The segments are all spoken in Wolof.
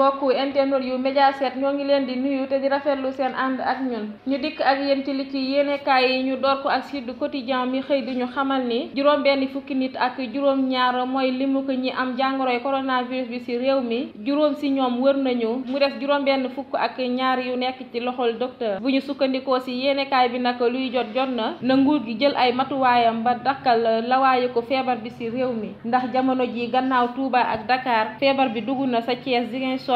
mbokku internet yu média set ñoo ngi leen di nuyu te di rafetlu seen ànd ak ñun ñu dikk ak yéen ci li ci yéenekaay yi ñu door ko ak Sud Quotidien mi xëy di ñu xamal ni juróom benn fukki nit ak juróom ñaar mooy limu ko ñi am jàngoroy coronavirus bi ci réew mi juróom ci ñoom wër nañu mu def juróom benn fukk ak ñaar yu nekk ci loxol docteur bu ñu sukkandikoo ci yéenekaay bi nag luy jot jot na na nguur gi jël ay matuwaayam ba dakkal lawaayu ko feebar bi ci réew mi ndax jamono ji gannaaw Touba ak Dakar feebar bi dugg na sa Thiès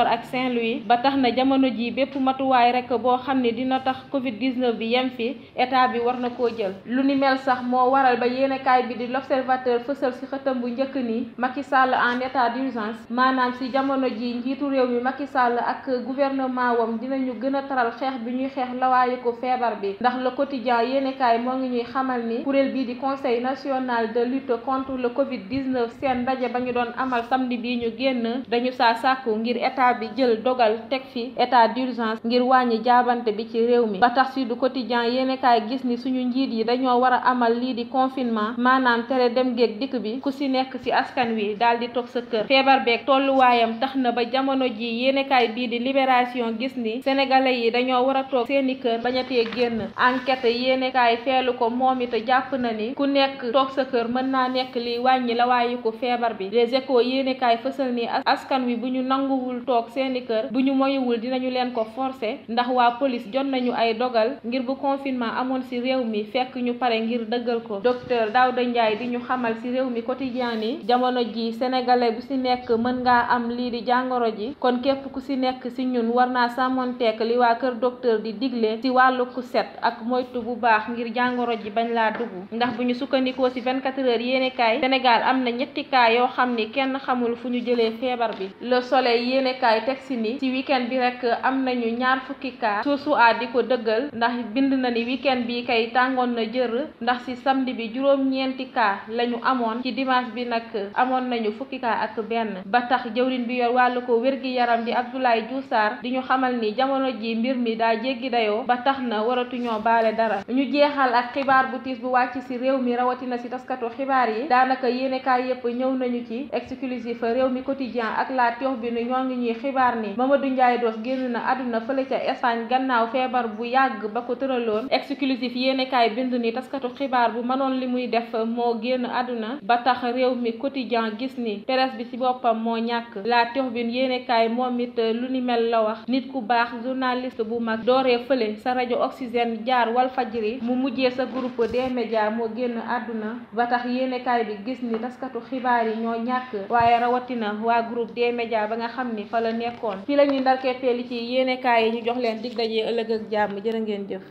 Podor ak Saint-Louis ba tax na jamono ji bépp matuwaay rek boo xam ne dina tax Covid 19 bi yem fi état bi war na koo jël lu ni mel sax moo waral ba yéenekaay bi di l'observateur fësal ci xëtam bu njëkk ni Macky Sall en état d'urgence maanaam ci jamono ji njiitu réew mi Macky Sall ak gouvernement wam dinañu gën a taral xeex bi ñuy xeex lawaayu ko feebar bi ndax le quotidien yéenekaay moo ngi ñuy xamal ni kuréel bii di conseil national de lutte contre le Covid 19 seen ndaje ba ñu doon amal samedi bii ñu génn dañu saa sàkku ngir état état bi jël dogal teg fi état d'urgence ngir wàññi jaabante bi ci réew mi ba tax si du quotidien yéeni kaay gis ni suñu njiit yi dañoo war a amal lii di confinement maanaam tere dem géeg dikk bi ku si nekk si askan wi daal di toog sa kër feebar beek tolluwaayam tax na ba jamono ji yéeni bii di libération gis ni sénégalais yi dañoo war a toog seeni kër bañatee génn enquête yéeni kaay feelu ko moom ite jàpp na ni ku nekk toog sa kër mën naa nekk liy wàññi la waayu ko feebar bi les toog seeni kër bu ñu moyuwul dinañu leen ko forcer ndax waa police jot nañu ay dogal ngir bu confinement amoon ci réew mi fekk ñu pare ngir dëggal ko docteur Daouda Ndiaye di ñu xamal ci réew mi quotidien yi jamono ji sénégalais bu ci nekk mën ngaa am lii di jàngoro ji kon képp ku ci nekk ci ñun war naa sàmmonteek li waa kër docteur di digle ci wàllu ku set ak moytu bu baax ngir jàngoro ji bañ laa dugg ndax bu ñu sukkandikoo ci 24 heures yéenekaay Sénégal am na ñetti yoo xam ni kenn xamul fu ñu jëlee feebar bi kaay teg si ni ci weekend bi rek am nañu ñaar fukki cas source a di ko dëggal ndax bind na ni weekend bi kay tàngoon na jër ndax si samedi bi juróom-ñeenti cas lañu amoon ci dimanche bi nag amoon nañu fukki cas ak benn ba tax jëwlin bi yor wàllu ko wér gi yaram di Abdoulaye Diouf Sarr di ñu xamal ni jamono ji mbir mi daa jéggi dayoo ba tax na waratuñoo baale dara ñu jeexal ak xibaar bu tiis bu wàcc si réew mi rawatina si taskatu xibaar yi daanaka yéenekaay yépp ñëw nañu ci réew mi quotidien xibar ni Mamadou Ndiaye Doss génn na aduna fële ca Espagne gannaaw febar bu yàgg ba ko tëraloon exclusif kay bindu ni taskatu xibar bu manon limuy def mo génn aduna ba tax rew mi quotidien gis ni presse bi ci bopam mo ñak La Tribune yene kay momit lu ni mel la wax nit ku bax journaliste bu mag doré fële sa radio Oxygène jaar fajiri mu mujjé sa groupe des médias mo génn aduna ba tax kay bi gis ni taskatu xibar yi ño ñak waye rawatina wa groupe des médias ba nga xamni fa la nekkoon fii la ñuy ndarkeetee li ci yéenekaay yi ñu jox leen dig dajee ëllëg ak jàmm jërë ngeen jëf